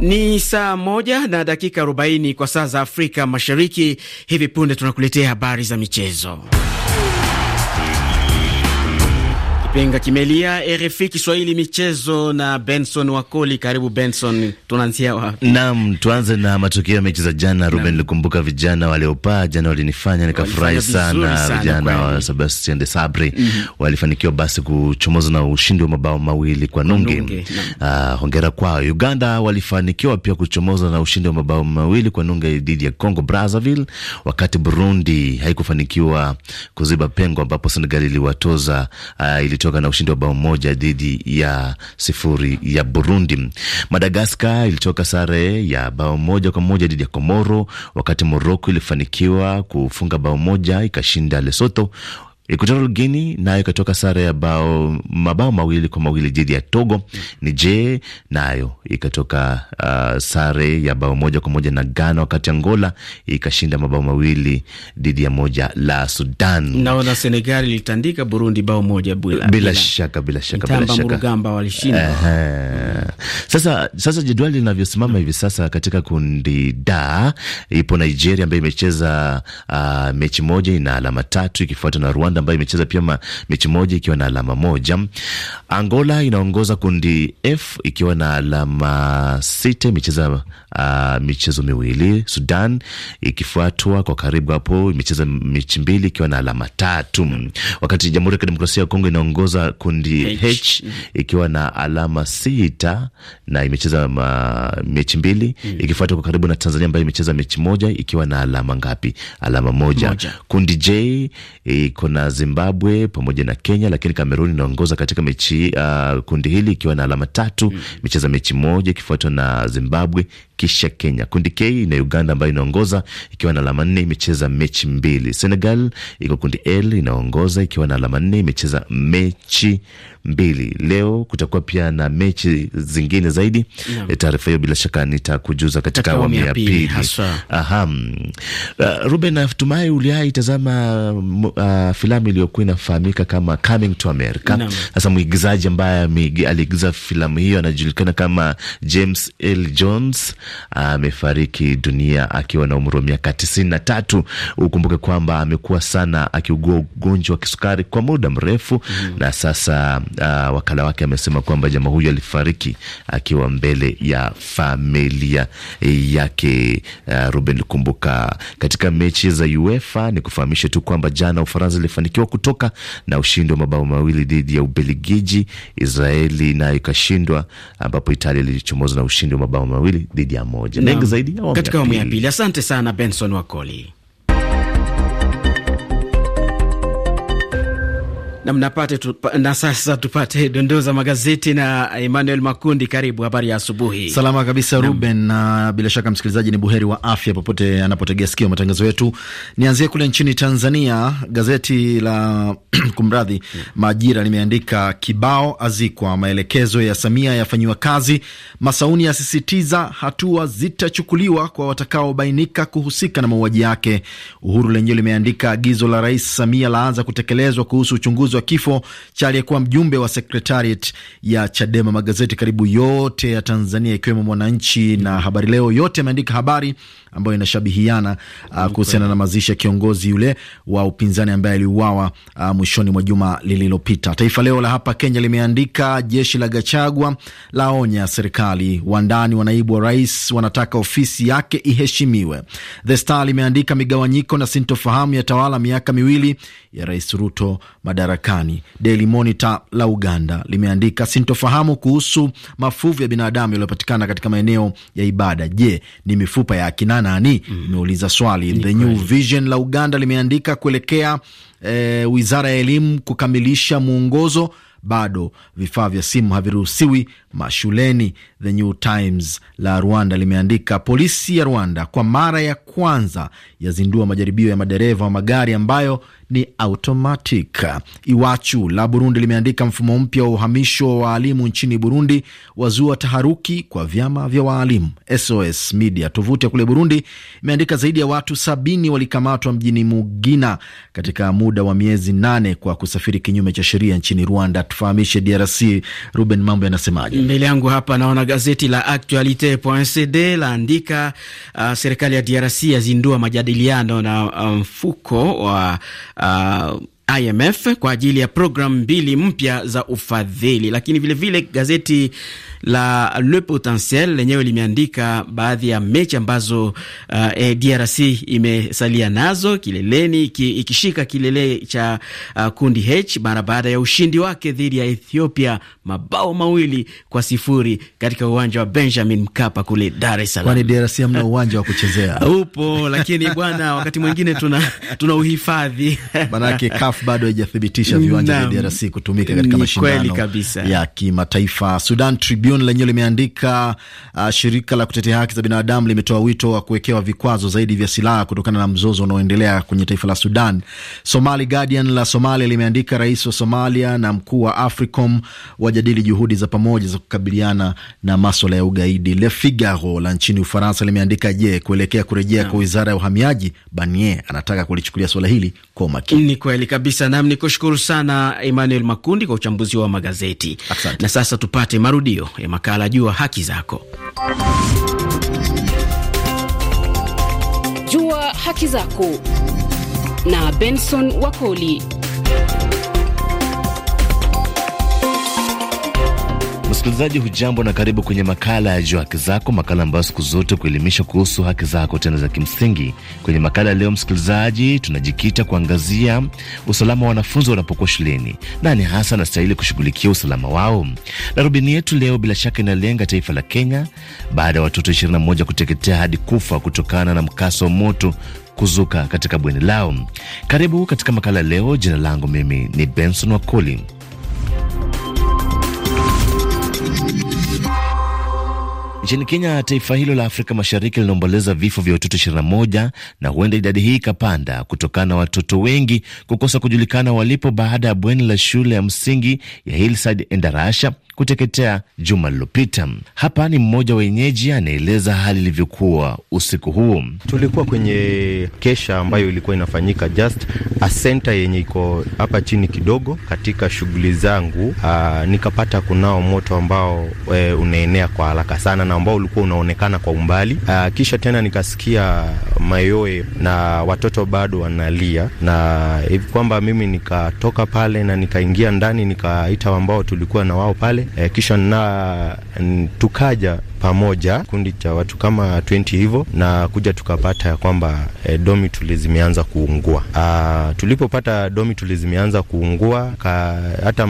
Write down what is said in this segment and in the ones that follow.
Ni saa moja na dakika 40 kwa saa za Afrika Mashariki. Hivi punde tunakuletea habari za michezo. Kipenga Kimelia, RFI Kiswahili michezo na Benson Wakoli. Karibu Benson, tunaanzia wapi? Naam, tuanze na matokeo ya mechi za jana. Ruben, nilikumbuka vijana waliopaa jana, walinifanya nikafurahi sana, vijana wa Sebastian de Sabre mm -hmm. walifanikiwa basi kuchomoza na ushindi wa mabao mawili kwa nunge. Ah, hongera uh, kwao. Uganda walifanikiwa pia kuchomoza na ushindi wa mabao mawili kwa nunge dhidi ya Congo Brazzaville, wakati Burundi haikufanikiwa kuziba pengo ambapo Senegal iliwatoza uh, ili ilitoka na ushindi wa bao moja dhidi ya sifuri ya Burundi. Madagaskar ilitoka sare ya bao moja kwa moja dhidi ya Komoro, wakati Moroko ilifanikiwa kufunga bao moja ikashinda Lesoto Equatorial Guinea nayo ikatoka sare ya bao mabao mawili kwa mawili dhidi ya Togo. Niger nayo ikatoka uh, sare ya bao moja kwa moja na Ghana, wakati Angola ikashinda mabao mawili dhidi ya moja la Sudan. Naona Senegal ilitandika Burundi bao moja bila, bila shaka bila shaka bila shaka Murugamba walishinda. Sasa sasa jedwali linavyosimama hivi sasa katika kundi da ipo Nigeria ambayo imecheza uh, mechi moja ina alama tatu ikifuatwa na Rwanda ambayo imecheza pia mechi moja ikiwa na alama moja. Angola inaongoza kundi F ikiwa na alama sita, imecheza uh, michezo miwili. Sudan ikifuatwa kwa karibu hapo, imecheza mechi mbili ikiwa na alama tatu, wakati Jamhuri ya Kidemokrasia ya Kongo inaongoza kundi H, H mhm. ikiwa na alama sita na imecheza ah, mechi mbili hmm, ikifuatwa kwa karibu na Tanzania ambayo imecheza mechi moja ikiwa na alama ngapi? Alama moja, moja. Kundi J eh, iko na na Zimbabwe pamoja na Kenya, lakini Kamerun inaongoza katika mechi uh, kundi hili ikiwa na alama tatu, imecheza mm. mechi moja ikifuatwa na Zimbabwe, kisha Kenya. Kundi K na Uganda ambayo inaongoza ikiwa na alama nne, imecheza mechi mbili. Senegal iko kundi L inaongoza ikiwa na alama nne, imecheza mechi mbili. Leo kutakuwa pia na mechi zingine zaidi. E, taarifa hiyo bila shaka nitakujuza katika awamu ya pili. Uh, Ruben, natumai uliai itazama uh, filamu iliyokuwa inafahamika kama Coming to America. Sasa mwigizaji ambaye aliigiza filamu hiyo anajulikana kama James L. Jones Uh, amefariki dunia akiwa na umri wa miaka tisini na tatu. Ukumbuke kwamba amekuwa sana akiugua ugonjwa wa kisukari kwa muda mrefu mm. na sasa uh, wakala wake amesema kwamba jamaa huyo alifariki akiwa mbele ya familia yake. Uh, Ruben kumbuka katika mechi za UEFA ni kufahamisha tu kwamba jana Ufaransa ilifanikiwa kutoka na ushindi wa mabao mawili dhidi ya Ubelgiji. Israeli nayo ikashindwa, ambapo Italia ilichomoza na ushindi wa mabao mawili dhidi ya moja mengi zaidi katika awamu ya pili. Asante sana Benson Wakoli. na mnapate tupa, na sasa tupate dondoo za magazeti na Emmanuel Makundi. Karibu, habari ya asubuhi. Salama kabisa Ruben, na bila shaka msikilizaji ni buheri wa afya popote anapotegea sikio matangazo yetu. Nianzie kule nchini Tanzania, gazeti la kumradhi, Majira limeandika kibao azikwa, maelekezo ya Samia yafanyiwa kazi, Masauni yasisitiza hatua zitachukuliwa kwa watakaobainika kuhusika na mauaji yake. Uhuru lenyewe limeandika agizo la Rais Samia laanza kutekelezwa kuhusu uchunguzi wa kifo cha aliyekuwa mjumbe wa sekretariat ya Chadema. Magazeti karibu yote ya Tanzania ikiwemo Mwananchi na Habari Leo yote yameandika habari ambayo inashabihiana uh, kuhusiana na mazishi ya kiongozi yule wa upinzani ambaye aliuawa uh, mwishoni mwa juma lililopita. Taifa Leo la hapa Kenya limeandika jeshi la Gachagwa laonya serikali, wandani wa naibu wa rais wanataka ofisi yake iheshimiwe. The Star limeandika migawanyiko na sintofahamu ya tawala miaka miwili ya Rais Ruto madarakani. Daily Monitor la Uganda limeandika sintofahamu kuhusu mafuvu ya binadamu yaliyopatikana katika maeneo ya ibada. Je, ni mifupa ya akina nani? Mm. Imeuliza swali. The New Vision la Uganda limeandika kuelekea e, wizara ya elimu kukamilisha mwongozo bado vifaa vya simu haviruhusiwi mashuleni. The New Times la Rwanda limeandika polisi ya Rwanda kwa mara ya kwanza yazindua majaribio ya madereva wa magari ambayo ni automatic. Iwachu la Burundi limeandika mfumo mpya wa uhamisho wa waalimu nchini Burundi wazua taharuki kwa vyama vya waalimu. SOS Media, tovuti ya kule Burundi, imeandika zaidi ya watu sabini walikamatwa mjini Mugina katika muda wa miezi nane kwa kusafiri kinyume cha sheria nchini Rwanda. Tufahamishe DRC, Ruben, mambo yanasemaje? Mbele yangu hapa naona gazeti la Actualite.cd laandika, uh, serikali ya DRC yazindua majadiliano na uh, mfuko um, wa Uh, IMF kwa ajili ya programu mbili mpya za ufadhili. Lakini vilevile vile gazeti la Le Potentiel lenyewe limeandika baadhi ya mechi ambazo uh, eh, DRC imesalia nazo kileleni, ki, ikishika kilele cha uh, kundi H mara baada ya ushindi wake dhidi ya Ethiopia mabao mawili kwa sifuri katika uwanja wa Benjamin Mkapa kule Dar es Salaam. Kwani DRC hamna uwanja wa kuchezea? Upo, lakini bwana, wakati mwingine tuna, tuna uhifadhi manake kafu bado haijathibitisha viwanja vya DRC kutumika katika mashindano ya kimataifa. Sudan Tribune lenyewe limeandika uh, shirika la kutetea haki za binadamu limetoa wito wa kuwekewa vikwazo zaidi vya silaha kutokana na mzozo unaoendelea kwenye taifa la Sudan. Somali Guardian la Somalia limeandika rais wa Somalia na mkuu wa AFRICOM wajadili juhudi za pamoja za kukabiliana na maswala ya ugaidi. Le Figaro la nchini Ufaransa limeandika je, kuelekea kurejea kwa wizara ya uhamiaji, Barnier anataka kulichukulia suala hili kwa umakini. Ni kweli kabisa kabisa nam, ni kushukuru sana Emmanuel Makundi kwa uchambuzi wa magazeti Asante. Na sasa tupate marudio ya makala Jua Haki Zako. Jua Haki Zako na Benson Wakoli. Msikilizaji hujambo na karibu kwenye makala ya Jua Haki Zako, makala ambayo siku zote kuelimisha kuhusu haki zako tena za kimsingi. Kwenye makala ya leo, msikilizaji, tunajikita kuangazia usalama wa wanafunzi wanapokuwa shuleni. Nani hasa anastahili kushughulikia usalama wao? Darubini yetu leo bila shaka inalenga taifa la Kenya baada ya watoto 21 kuteketea hadi kufa kutokana na mkasa wa moto kuzuka katika bweni lao. Karibu katika makala leo. Jina langu mimi ni Benson Wakoli. Nchini Kenya, taifa hilo la Afrika Mashariki linaomboleza vifo vya watoto 21 na huenda idadi hii ikapanda kutokana na watoto wengi kukosa kujulikana walipo baada ya bweni la shule ya msingi ya Hillside Endarasha kuteketea juma lilopita. Hapa ni mmoja wa wenyeji anaeleza hali ilivyokuwa usiku huo. Tulikuwa kwenye kesha ambayo ilikuwa inafanyika just a center yenye iko hapa chini kidogo. Katika shughuli zangu ah, nikapata kunao moto ambao e, unaenea kwa haraka sana na ambao ulikuwa unaonekana kwa umbali. Uh, kisha tena nikasikia mayoe na watoto bado wanalia, na hivi kwamba mimi nikatoka pale na nikaingia ndani nikaita ambao tulikuwa na wao pale e, kisha na tukaja pamoja kundi cha watu kama 20 hivyo, na kuja tukapata ya kwamba e, domi tuli zimeanza kuungua. Ah, tulipopata domi tuli zimeanza kuungua ka, hata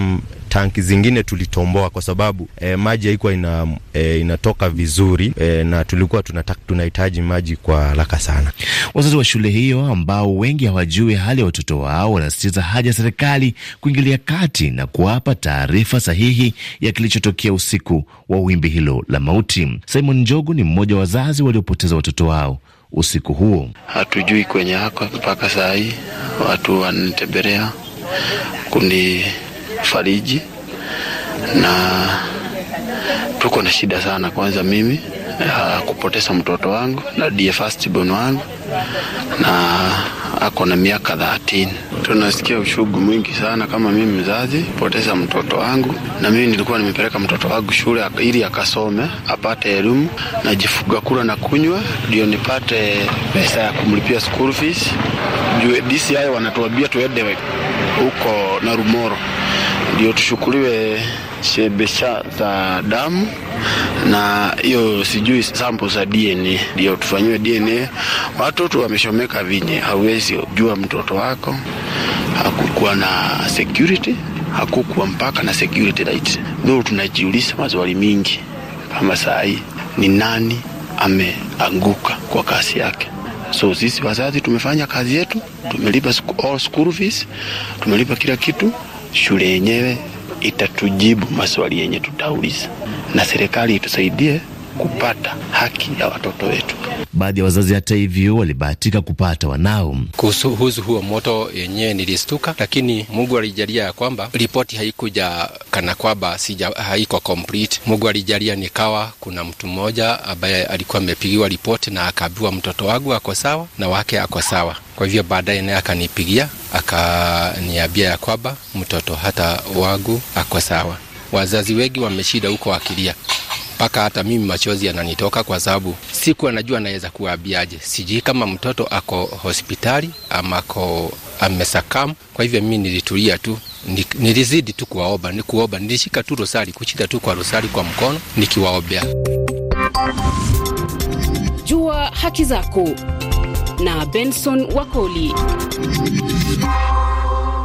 tanki zingine tulitomboa kwa sababu e, maji haikuwa ina, e, inatoka vizuri e, na tulikuwa tunataka tunahitaji maji kwa haraka sana. Wazazi wa shule hiyo ambao wengi hawajui hali ya watoto wao wanasisitiza haja ya serikali kuingilia kati na kuwapa taarifa sahihi ya kilichotokea usiku wa wimbi hilo la mauti. Simon Njogu ni mmoja wa wazazi waliopoteza watoto wao usiku huo. Hatujui kwenye hako mpaka saa hii, watu wanitembelea kuni kufariji na tuko na shida sana. Kwanza mimi ya eh, kupoteza mtoto wangu na die first born wangu na ako na miaka 13. Tunasikia ushugu mwingi sana kama mimi mzazi poteza mtoto wangu, na mimi nilikuwa nimepeleka mtoto wangu shule ili akasome apate elimu, najifuga kula na kunywa ndio nipate pesa ya kumlipia school fees. Juu eh, DCI wanatuambia tuende huko na Rumoro ndio tuchukuliwe shebesha za damu na hiyo sijui sample za DNA ndio tufanyiwe DNA. Watoto wameshomeka vinye, hauwezi jua mtoto wako. Hakukuwa na security, hakukuwa mpaka na security light. Ndio tunajiuliza maswali mingi kama saa hii ni nani ameanguka kwa kasi yake. So sisi wazazi tumefanya kazi yetu, tumelipa all school fees, tumelipa kila kitu shule yenyewe itatujibu maswali yenye tutauliza, na serikali itusaidie kupata haki ya watoto wetu. Baadhi ya wazazi hata hivyo walibahatika kupata wanao. Kuhusu huo moto yenyewe nilistuka, lakini Mungu alijalia ya kwamba ripoti haikuja kana kwamba sija haiko complete. Mungu alijalia nikawa kuna mtu mmoja ambaye alikuwa amepigiwa ripoti na akaambiwa mtoto wangu ako sawa na wake ako sawa. Kwa hivyo baadaye naye akanipigia akaniambia ya kwamba mtoto hata wangu ako sawa. Wazazi wengi wameshida huko wakilia mpaka hata mimi machozi yananitoka kwa sababu siku anajua naweza kuambiaje. Sijui kama mtoto ako hospitali ama ako amesakamu. Kwa hivyo mimi nilitulia tu, nilizidi tu kuwaomba, kuomba, nilishika tu rosari, kuchita tu kwa rosari kwa mkono nikiwaombea. Jua haki zako na Benson Wakoli.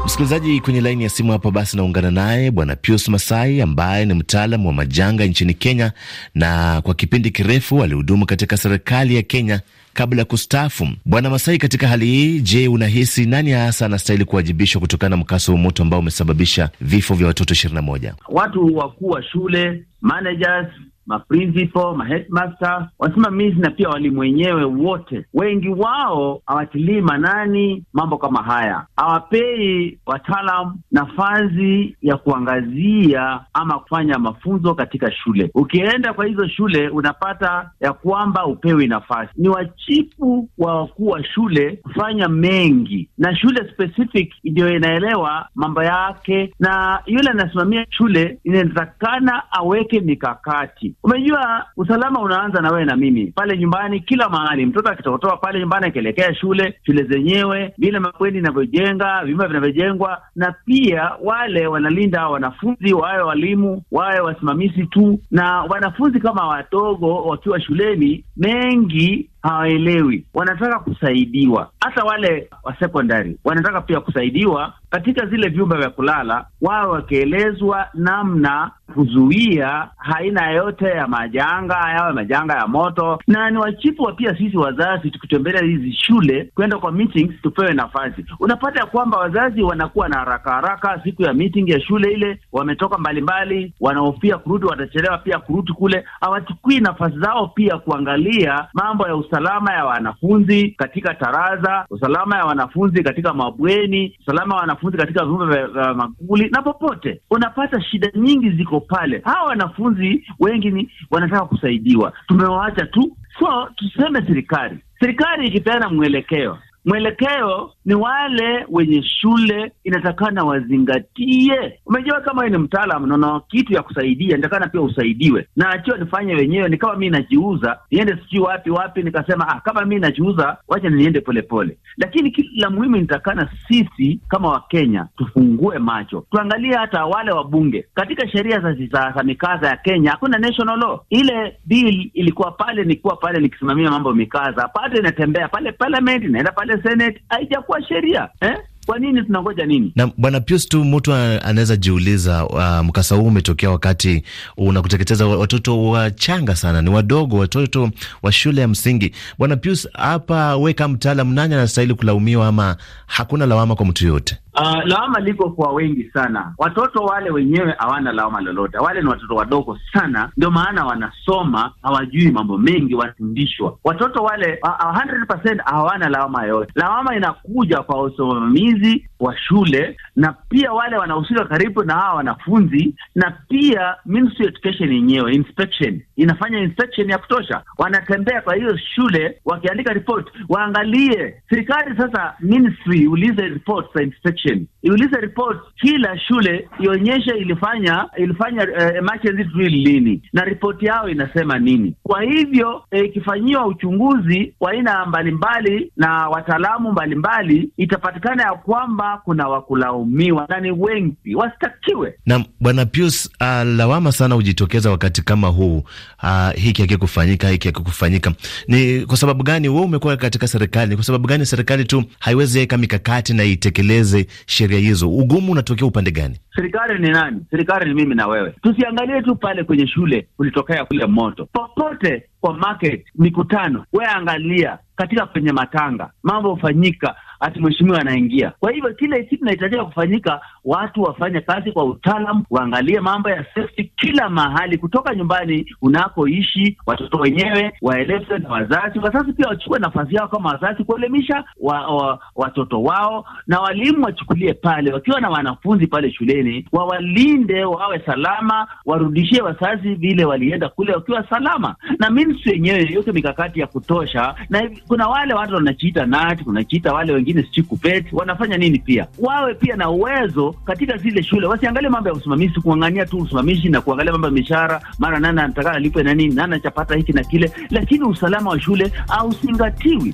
Msikilizaji kwenye laini ya simu hapa, basi naungana naye Bwana Pius Masai ambaye ni mtaalamu wa majanga nchini Kenya, na kwa kipindi kirefu alihudumu katika serikali ya Kenya kabla ya kustaafu. Bwana Masai, katika hali hii, je, unahisi nani hasa anastahili kuwajibishwa kutokana na mkasa wa moto ambao umesababisha vifo vya watoto ishirini na moja? Watu wakuu wa shule, managers maprincipo, maheadmaster, wasimamizi na pia walimu wenyewe wote, wengi wao hawatilii manani mambo kama haya, hawapei wataalam nafasi ya kuangazia ama kufanya mafunzo katika shule. Ukienda kwa hizo shule unapata ya kwamba upewi nafasi. Ni wajibu wa wakuu wa shule kufanya mengi, na shule specific ndiyo inaelewa mambo yake, na yule anasimamia shule inatakana aweke mikakati Umejua usalama unaanza na wewe na mimi, pale nyumbani, kila mahali. Mtoto akitotoa pale nyumbani akielekea shule, shule zenyewe, vile mabweni inavyojenga vyumba vinavyojengwa, na pia wale wanalinda wanafunzi, wawe walimu, wawe wasimamizi tu, na wanafunzi kama wadogo wakiwa shuleni mengi hawaelewi, wanataka kusaidiwa. Hata wale wa sekondari wanataka pia kusaidiwa katika zile vyumba vya kulala, wao wakielezwa namna kuzuia aina yote ya majanga, yawe majanga ya moto, na ni wachifu pia sisi wazazi tukitembelea hizi shule kwenda kwa meetings, tupewe nafasi. Unapata ya kwamba wazazi wanakuwa na haraka haraka, siku ya meeting ya shule ile wametoka mbalimbali, wanahofia kurudi, watachelewa pia kurudi kule, hawachukui nafasi zao pia kuangalia mambo ya usa usalama ya wanafunzi katika taraza, usalama ya wanafunzi katika mabweni, usalama ya wanafunzi katika vyumba vya maguli na popote. Unapata shida nyingi ziko pale. Hawa wanafunzi wengi ni wanataka kusaidiwa, tumewaacha tu. So tuseme serikali, serikali ikipeana mwelekeo mwelekeo ni wale wenye shule inatakana wazingatie. Umejua, kama ni mtaalam naona kitu ya kusaidia, inatakana pia usaidiwe na achiwa nifanye wenyewe. Ni kama mi najiuza niende sijui wapi wapi, nikasema ah, kama mi najiuza wacha niende polepole, lakini kitu la muhimu nitakana sisi kama Wakenya tufungue macho, tuangalie hata wale wabunge katika sheria za, za, za mikaza ya Kenya hakuna national law. Ile bill ilikuwa pale, nikuwa pale nikisimamia mambo mikaza, pale inatembea pale parliament, inaenda pale senate, haijakuwa kwa sheria eh? Kwa nini tunangoja nini? Na bwana Pius tu mtu anaweza jiuliza, uh, mkasa huu umetokea wakati unakuteketeza watoto wachanga sana, ni wadogo, watoto wa shule ya msingi. Bwana Pius, hapa weka mtaalam, nani anastahili kulaumiwa, ama hakuna lawama kwa mtu yoyote? Uh, lawama liko kwa wengi sana. Watoto wale wenyewe hawana lawama lolote, wale ni watoto wadogo sana, ndio maana wanasoma, hawajui mambo mengi, wanafundishwa. Watoto wale 100% hawana lawama yoyote. Lawama inakuja kwa usimamizi wa shule na pia wale wanahusika karibu na hawa wanafunzi, na pia Ministry of Education yenyewe inspection inafanya inspection ya kutosha, wanatembea kwa hiyo shule wakiandika report, waangalie serikali sasa. Ministry ulize report za inspection Education iulize report kila shule ionyeshe ilifanya ilifanya uh, emergency drill lini na ripoti yao inasema nini. Kwa hivyo eh, ikifanyiwa eh, uchunguzi wa aina mbalimbali na wataalamu mbalimbali, itapatikana ya kwamba kuna wakulaumiwa na ni wengi, wastakiwe. Na Bwana Pius, uh, lawama sana hujitokeza wakati kama huu. Uh, hiki hakikufanyika, hiki hakikufanyika. Ni kwa sababu gani? Wewe umekuwa katika serikali, kwa sababu gani serikali tu haiwezi weka mikakati na itekeleze sheria hizo, ugumu unatokea upande gani? Serikali ni nani? Serikali ni mimi na wewe. Tusiangalie tu pale kwenye shule kulitokea kule moto, popote supermarket, mikutano. Wewe angalia katika kwenye matanga mambo hufanyika, ati mheshimiwa anaingia. Kwa hivyo kila siku inahitajika kufanyika, watu wafanye kazi kwa utaalamu, waangalie mambo ya safety kila mahali, kutoka nyumbani unakoishi, watoto wenyewe waelezwe na wazazi. Wazazi pia wachukue nafasi yao kama wazazi kuelimisha wa, wa, watoto wao, na walimu wachukulie pale, wakiwa na wanafunzi pale shuleni, wawalinde wawe salama, warudishie wazazi vile walienda kule wakiwa salama, na mimi sisi wenyewe iweke mikakati ya kutosha, na kuna wale watu wanachiita nati, kunachiita wale wengine sichi kupeti, wanafanya nini? Pia wawe pia na uwezo katika zile shule, wasiangalie mambo ya usimamizi, kuangania tu usimamizi na kuangalia mambo ya mishahara, mara nani anataka alipe na nini, nani achapata hiki na kile, lakini usalama wa shule hauzingatiwi.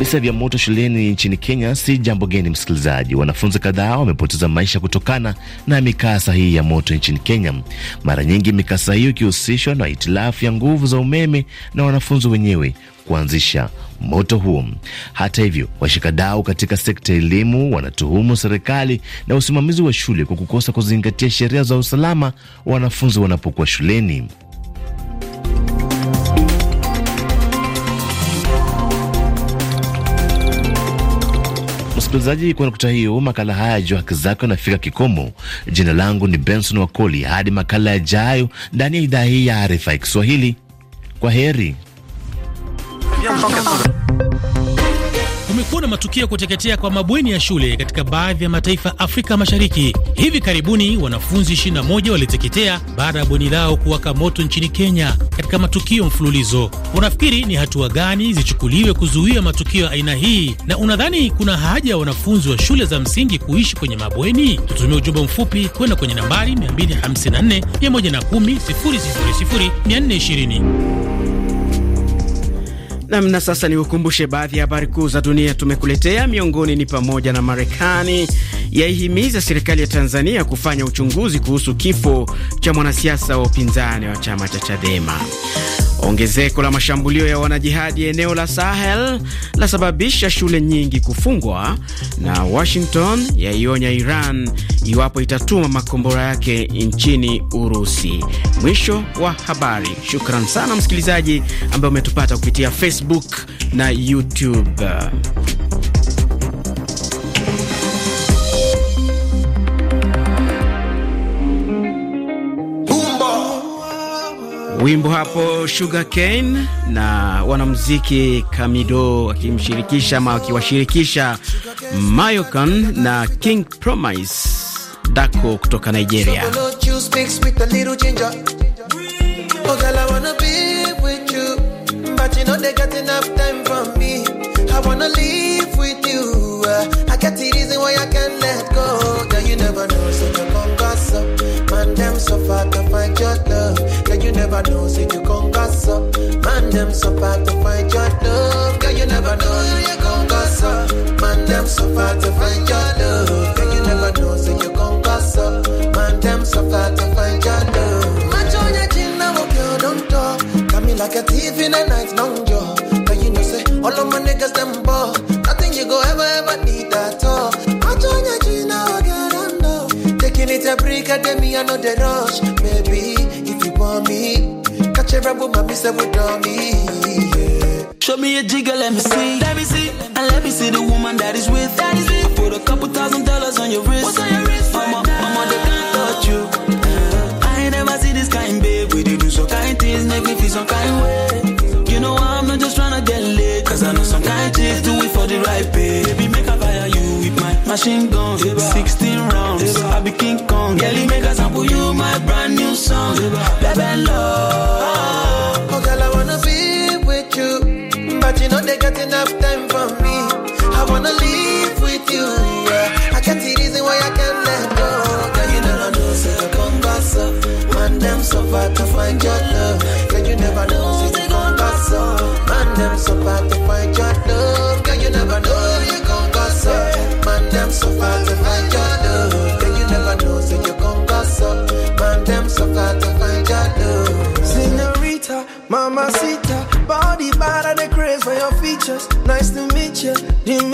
Visa vya moto shuleni nchini Kenya si jambo geni, msikilizaji. Wanafunzi kadhaa wamepoteza maisha kutokana na mikasa hii ya moto nchini Kenya, mara nyingi mikasa hiyo ikihusishwa na itilafu ya nguvu za umeme na wanafunzi wenyewe kuanzisha moto huo. Hata hivyo, washikadau katika sekta ya elimu wanatuhumu serikali na usimamizi wa shule kwa kukosa kuzingatia sheria za usalama wanafunzi wanapokuwa shuleni. Msikilizaji, kwa nukta hiyo, makala haya ya Jua Haki Zako yanafika kikomo. Jina langu ni Benson Wakoli, hadi makala yajayo ndani ya idhaa hii ya RFI Kiswahili. Kwa heri. Kumekuwa na matukio ya kuteketea kwa mabweni ya shule katika baadhi ya mataifa Afrika Mashariki. Hivi karibuni wanafunzi 21 waliteketea baada ya bweni lao kuwaka moto nchini Kenya katika matukio mfululizo. Unafikiri ni hatua gani zichukuliwe kuzuia matukio ya aina hii, na unadhani kuna haja ya wanafunzi wa shule za msingi kuishi kwenye mabweni? Tutumie ujumbe mfupi kwenda kwenye nambari 254 110 000 420. Nam, na sasa niukumbushe baadhi ya habari kuu za dunia tumekuletea. Miongoni ni pamoja na Marekani yaihimiza serikali ya Tanzania kufanya uchunguzi kuhusu kifo cha mwanasiasa wa upinzani wa chama cha Chadema. Ongezeko la mashambulio ya wanajihadi eneo la Sahel lasababisha shule nyingi kufungwa, na Washington yaionya Iran iwapo itatuma makombora yake nchini Urusi. Mwisho wa habari. Shukran sana msikilizaji ambaye umetupata kupitia Facebook na YouTube. Wimbo hapo Sugar Cane na wanamuziki Kamido wakimshirikisha ama wakiwashirikisha Mayokan na King Promise Dako kutoka Nigeria. up. Man, them so far to find your love. Girl, you never know who you gon' cuss up. Man, them so far to find your love. Girl, you never know so you gon' cuss up. Man, them so far to find your love. Match on your chin now, girl, oh, don't talk. Come me like a thief in the night, long jaw. Girl, you know say all of my niggas them ball. Nothing you go ever ever need at all. Match on your chin now, girl, oh, don't know. Taking it a break, I me I know the rush, baby favorite woman, me say with me. Show me a jigger, let me see. Let me see. And let me see the woman that is with. That is with. put a couple thousand dollars on your wrist. What's on your wrist? mama, now? mama, they can't touch you. Uh, I ain't never see this kind, babe. We did do some kind things, make me feel some kind way. You know I'm not just trying to get laid. Cause I know some kind things do it for the right pay machine gun, 16 rounds. I be King Kong. Girlie, make a sample you my brand new song. Baby, love. Oh, girl, I wanna be with you, but you know they got enough time for me. I wanna live with you.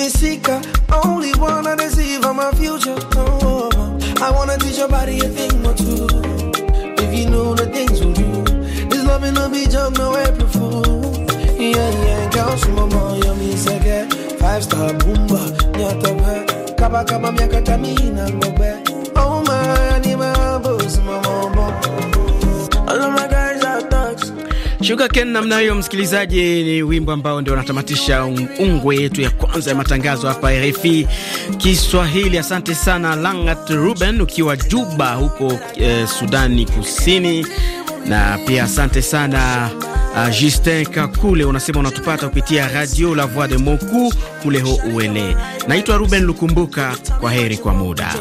nisika only one deceive my future oh, i wanna teach your body a thing or two if you know the things we do this love no be job no april fool yeah yeah girl suma moyo misege five star boomba nyatabe kaba kama miaka tamina ngobe shuka ken namna hiyo, msikilizaji, ni wimbo ambao ndio unatamatisha ungwe yetu ya kwanza ya matangazo hapa RFI Kiswahili. Asante sana Langat Ruben ukiwa Juba huko eh, Sudani Kusini, na pia asante sana uh, Justin Kakule, unasema unatupata kupitia Radio La Voix de Moku kule ho Uele. Naitwa Ruben Lukumbuka, kwa heri kwa muda